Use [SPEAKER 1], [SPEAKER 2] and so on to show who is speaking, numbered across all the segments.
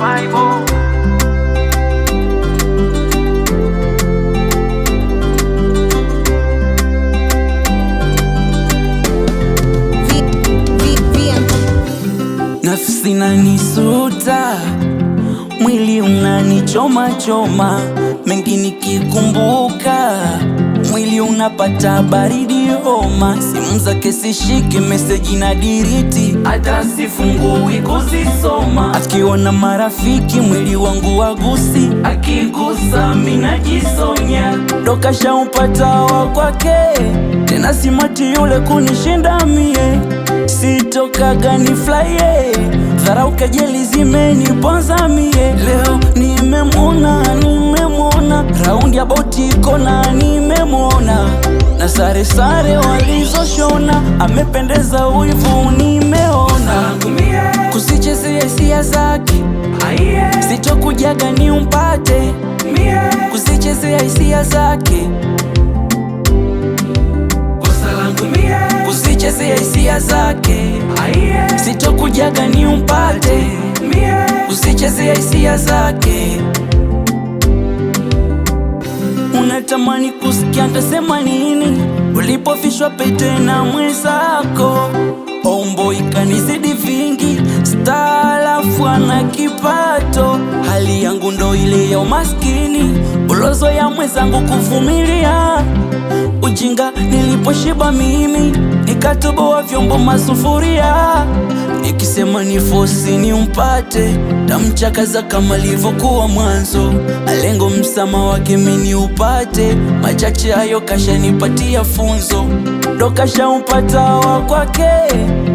[SPEAKER 1] Bible. Nafsi inanisuta, mwili unanichoma choma, mengi nikikumbuka, mwili unapata baridi homa, simu zake sishiki, meseji na diriti
[SPEAKER 2] hata sifungui kuzisoma.
[SPEAKER 1] Akiona marafiki mwili wangu wagusi,
[SPEAKER 2] akigusa minajisonya.
[SPEAKER 1] doka shaupata wa kwake, tena simati yule kunishinda mie. Sitokaga nifurahie, dharau kejeli zimeniponza mie. Leo nimemwona, nimemwona, raundi ya boti ikona, nimemwona na sare sare walizoshona, amependeza uivuni
[SPEAKER 2] njia ni umpate, kuzichezea hisia zake, kuzichezea hisia zake, sitokuja ni umpate, kuzichezea hisia zake.
[SPEAKER 1] Unatamani kusikia ntasema nini? ulipofishwa pete na mwenzako, ombo ikanizidi vingi, staalafu na kipato. Hali yangu ndo ile ya umaskini ulozoya mwenzangu kuvumilia, ujinga niliposhiba mimi nikatoboa vyombo masufuria, nikisema ni fosi ni umpate, tamchakaza kama livyokuwa mwanzo, alengo msama wake mini upate, machache hayo kashanipatia funzo, ndo kashaupata wa kwake,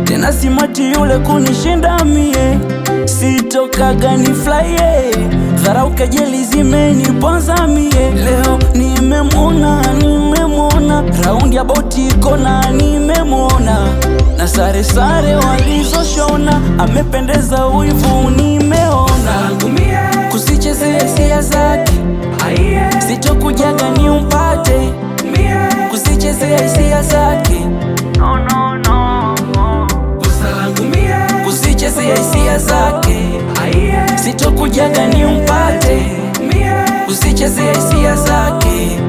[SPEAKER 1] tena simati yule kunishinda mie, sitokaga ni flaye, dharau kejeli zimeniponza mie, leo nimemwona nimemwona, raundi ya boti iko nimeona na sare sare walizoshona, amependeza wivu nimeona,
[SPEAKER 2] kusichezea hisia zake, sitokujaga ni umpate, kusichezea hisia zake, kusichezea hisia zake, sitokujaga ni umpate, kusichezea hisia zake